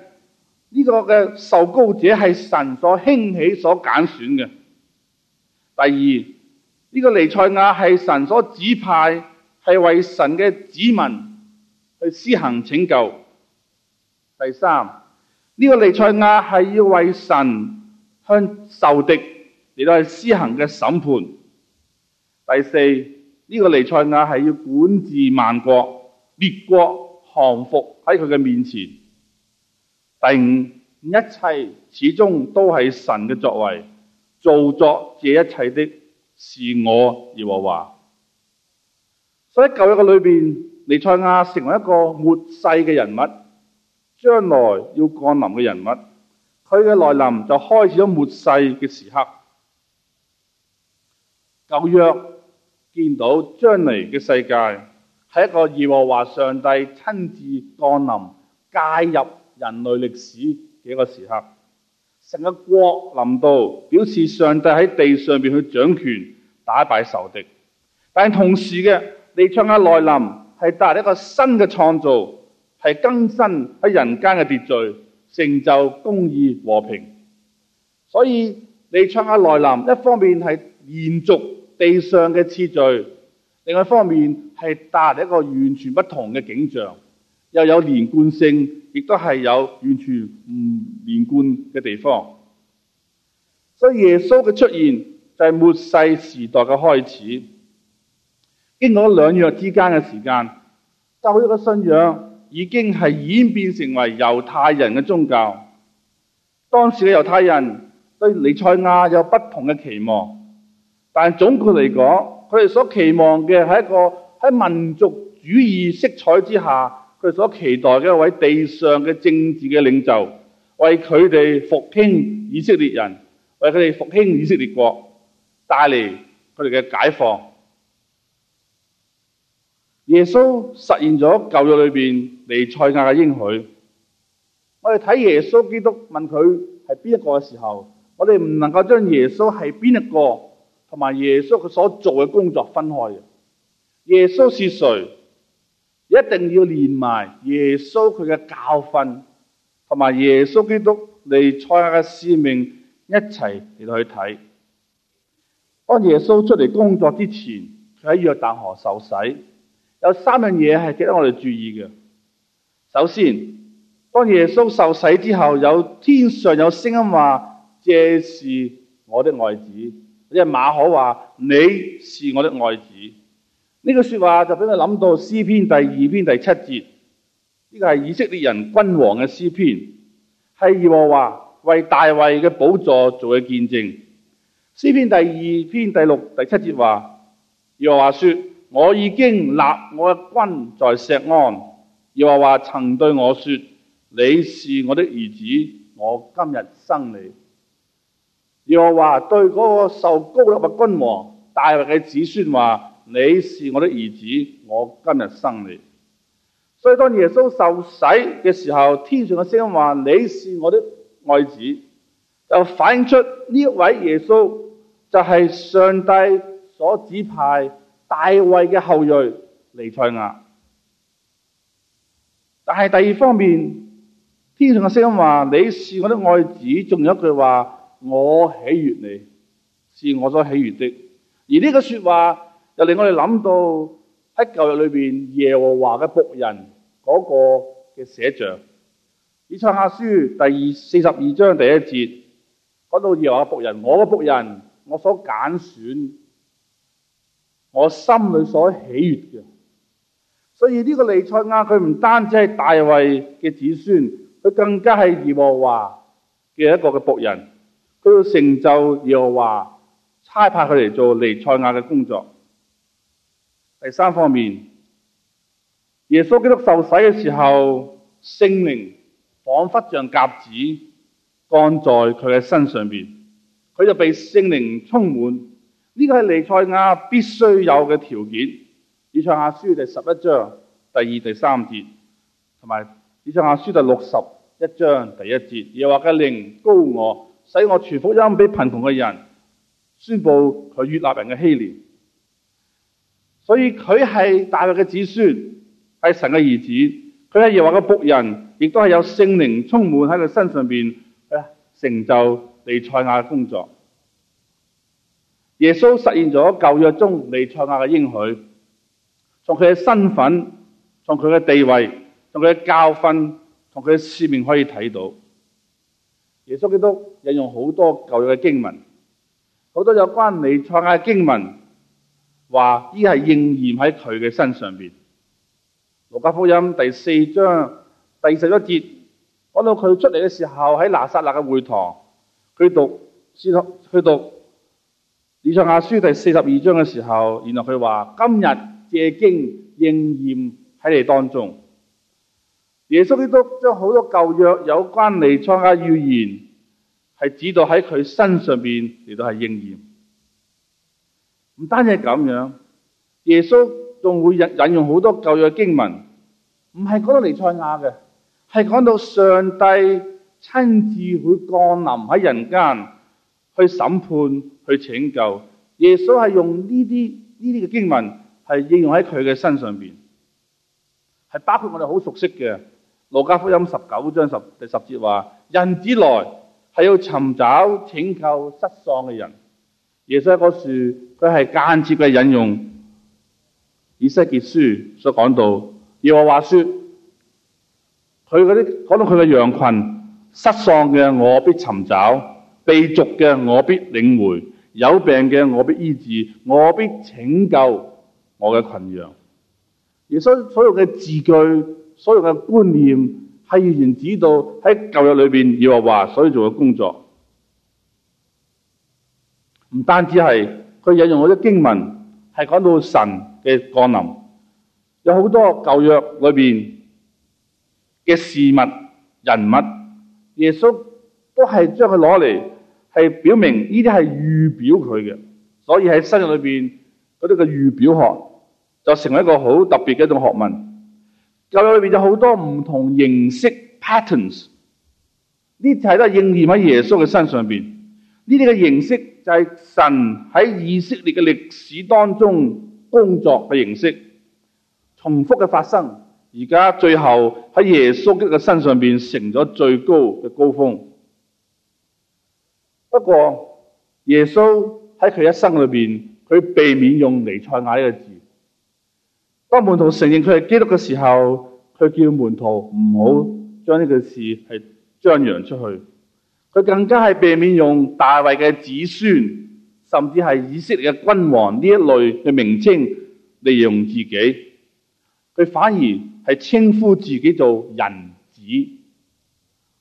呢個嘅受膏者係神所興起所、所揀選嘅。第二，呢、這個彌賽亞係神所指派，係為神嘅子民去施行拯救。第三，呢、這個彌賽亞係要為神向受敵嚟到去施行嘅審判。第四，呢、這個彌賽亞係要管治萬國、列國，降服喺佢嘅面前。第五，一切始終都係神嘅作為。做作這一切的是我，耶和華。所以舊約嘅裏邊，彌賽亞成為一個末世嘅人物，將來要降臨嘅人物，佢嘅來臨就開始咗末世嘅時刻。舊約見到將嚟嘅世界係一個耶和華上帝親自降臨介入人類歷史嘅一個時刻。成個國臨到，表示上帝喺地上邊去掌權，打敗仇敵。但同時嘅，你創下來臨係帶一個新嘅創造，係更新喺人間嘅秩序，成就公義和平。所以你創下來臨，一方面係延續地上嘅次序，另外一方面係帶一個完全不同嘅景象。又有連貫性，亦都係有完全唔連貫嘅地方。所以耶穌嘅出現就係末世時代嘅開始。經過兩約之間嘅時間，教會嘅信仰已經係演變成為猶太人嘅宗教。當時嘅猶太人對彌賽亞有不同嘅期望，但總括嚟講，佢哋所期望嘅係一個喺民族主義色彩之下。佢所期待嘅一位地上嘅政治嘅領袖，為佢哋復興以色列人，為佢哋復興以色列國，帶嚟佢哋嘅解放。耶穌實現咗舊約裏邊彌賽亞嘅應許。我哋睇耶穌基督問佢係邊一個嘅時候，我哋唔能夠將耶穌係邊一個同埋耶穌佢所做嘅工作分開嘅。耶穌是誰？一定要連埋耶穌佢嘅教訓，同埋耶穌基督彌賽亞嘅使命一齊嚟到去睇。當耶穌出嚟工作之前，佢喺約旦河受洗，有三樣嘢係值得我哋注意嘅。首先，當耶穌受洗之後，有天上有聲音話：，這是我的愛子。即係馬可話：，你是我的愛子。呢、這個說話就俾我諗到詩篇第二篇第七節，呢、這個係以色列人君王嘅詩篇，係耶和華為大衛嘅寶座做嘅見證。詩篇第二篇第六、第七節話：，耶和華說，我已經立我嘅君在錫安。耶和華曾對我說：，你是我的兒子，我今日生你。耶和華對嗰個受膏立嘅君王大衛嘅子孫話。你是我的兒子，我今日生你。所以當耶穌受洗嘅時候，天上嘅聲音話：你是我的愛子，就反映出呢一位耶穌就係上帝所指派大衛嘅後裔彌賽亞。但係第二方面，天上嘅聲音話：你是我的愛子，仲有一句話：我喜悅你，是我所喜悅的。而呢個說話。又令我哋諗到喺舊約裏邊耶和華嘅僕人嗰個嘅寫像。以賽亞書第二四十二章第一節講到耶和華僕人，我嘅僕人，我所揀選,選，我心裏所喜悅嘅。所以呢個彌賽亞佢唔單止係大衛嘅子孫，佢更加係耶和華嘅一個嘅僕人，佢要成就耶和華差派佢嚟做彌賽亞嘅工作。第三方面，耶穌基督受洗嘅時候，聖靈仿佛像鴿子降在佢嘅身上邊，佢就被聖靈充滿。呢個係彌賽亞必須有嘅條件。以賽亞書第十一章第二、第三節，同埋以賽亞書第六十一章第一節，又話：嘅靈膏我，使我傳福音俾貧窮嘅人，宣布佢越納人嘅欺凌。所以佢係大衛嘅子孫，係神嘅兒子，佢係耶和華嘅僕人，亦都係有聖靈充滿喺佢身上邊，成就尼賽亞嘅工作。耶穌實現咗舊約中尼賽亞嘅應許，從佢嘅身份、從佢嘅地位、從佢嘅教訓、從佢嘅使命可以睇到。耶穌基督引用好多舊約嘅經文，好多有關尼賽亞嘅經文。話呢係應驗喺佢嘅身上邊。路加福音第四章第二十一節，講到佢出嚟嘅時候喺拿撒勒嘅會堂，佢讀士托，佢讀以賽亞書第四十二章嘅時候，然後佢話：今日借經應驗喺你當中。耶穌基督將好多舊約有關你創亞預言，係指到喺佢身上邊嚟到係應驗。唔單止係咁樣，耶穌仲會引引用好多舊約經文，唔係講到尼賽亞嘅，係講到上帝親自去降臨喺人間去審判、去拯救。耶穌係用呢啲呢啲嘅經文係應用喺佢嘅身上邊，係包括我哋好熟悉嘅《路加福音》十九章十第十節話：人子來係要尋找拯救失喪嘅人。耶穌嗰時，佢係間接嘅引用以西結書所講到，要我話說，佢嗰啲講到佢嘅羊群失喪嘅，我必尋找；被逐嘅，我必領回；有病嘅，我必醫治；我必拯救我嘅群羊。耶穌所用嘅字句，所用嘅觀念，係要引指到喺舊約裏邊，要我話所以做嘅工作。唔單止係佢引用嗰啲經文，係講到神嘅降臨，有好多舊約裏邊嘅事物、人物，耶穌都係將佢攞嚟，係表明呢啲係預表佢嘅。所以喺新約裏邊嗰啲嘅預表學，就成為一個好特別嘅一種學問。舊約裏邊有好多唔同形式 patterns，呢啲係都應驗喺耶穌嘅身上邊。呢啲嘅形式就係神喺以色列嘅歷史當中工作嘅形式，重複嘅發生。而家最後喺耶穌基督嘅身上面成咗最高嘅高峰。不過耶穌喺佢一生裏邊，佢避免用彌賽亞呢個字。當門徒承認佢係基督嘅時候，佢叫門徒唔好將呢個事係張揚出去。佢更加係避免用大衛嘅子孫，甚至係以色列嘅君王呢一類嘅名稱嚟形容自己，佢反而係稱呼自己做人子。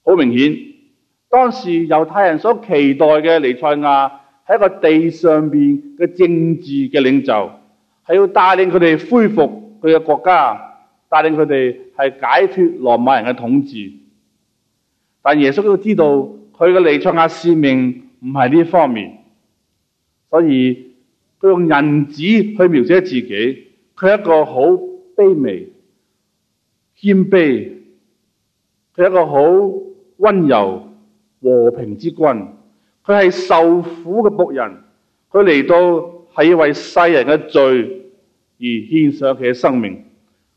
好明顯，當時猶太人所期待嘅尼賽亞係一個地上邊嘅政治嘅領袖，係要帶領佢哋恢復佢嘅國家，帶領佢哋係解脫羅馬人嘅統治。但耶穌都知道。佢嘅利創亞使命唔係呢方面，所以佢用人子去描寫自己。佢係一個好卑微、謙卑，佢係一個好温柔、和平之君。佢係受苦嘅僕人，佢嚟到係要為世人嘅罪而獻上佢嘅生命。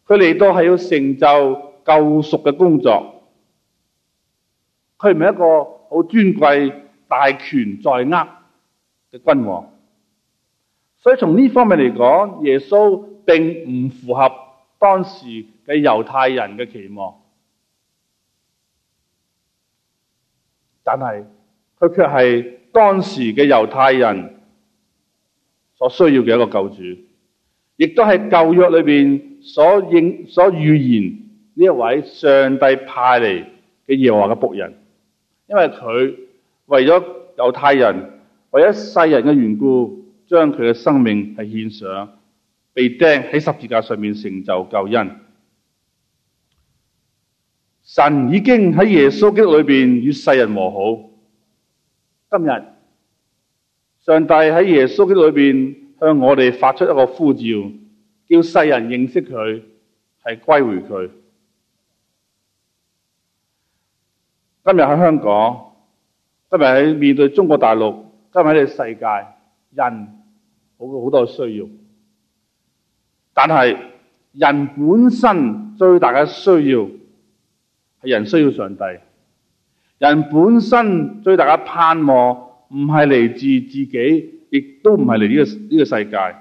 佢嚟到係要成就救贖嘅工作。佢唔係一個好尊貴、大權在握嘅君王，所以從呢方面嚟講，耶穌並唔符合當時嘅猶太人嘅期望，但係佢卻係當時嘅猶太人所需要嘅一個救主，亦都係舊約裏邊所應所預言呢一位上帝派嚟嘅耶和華嘅僕人。因為佢為咗猶太人，為咗世人嘅緣故，將佢嘅生命係獻上，被釘喺十字架上面成就救恩。神已經喺耶穌基督裏邊與世人和好。今日上帝喺耶穌基督裏邊向我哋發出一個呼召，叫世人認識佢，係歸回佢。今日喺香港，今日喺面對中國大陸，今日喺呢個世界，人好好多需要，但係人本身最大嘅需要係人需要上帝。人本身最大嘅盼望唔係嚟自自己，亦都唔係嚟呢個呢個世界。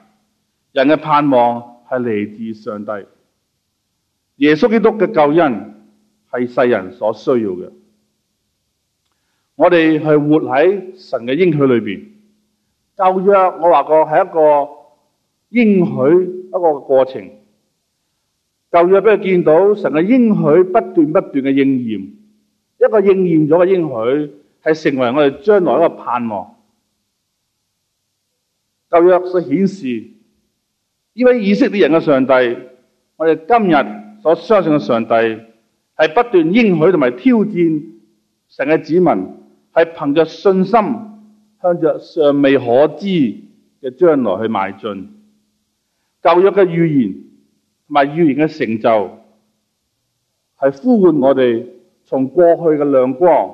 人嘅盼望係嚟自上帝。耶穌基督嘅救恩係世人所需要嘅。我哋係活喺神嘅應許裏邊，舊約我話過係一個應許一個過程，舊約俾佢見到神嘅應許不斷不斷嘅應驗，一個應驗咗嘅應許係成為我哋將來一個盼望。舊約所顯示，呢位以色列人嘅上帝，我哋今日所相信嘅上帝係不斷應許同埋挑戰神嘅子民。是憑着信心，向着尚未可知的將來去邁進。舊約的預言，和預言的成就，是呼喚我們從過去的亮光，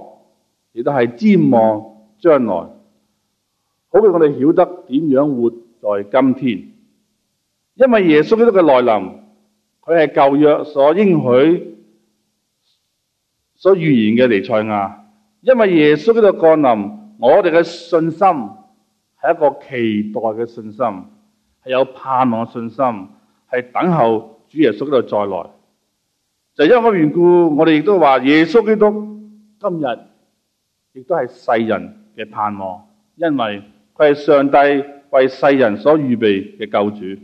也都係瞻望將來，好令我們曉得怎樣活在今天。因為耶穌基督的來臨，祂是舊約所應許、所預言的彌賽亞。因為耶穌喺度降臨，我哋嘅信心係一個期待嘅信心，係有盼望嘅信心，係等候主耶穌喺度再來。就是因為呢個緣故，我哋亦都話耶穌基督今日亦都係世人嘅盼望，因為佢係上帝為世人所預備嘅救主。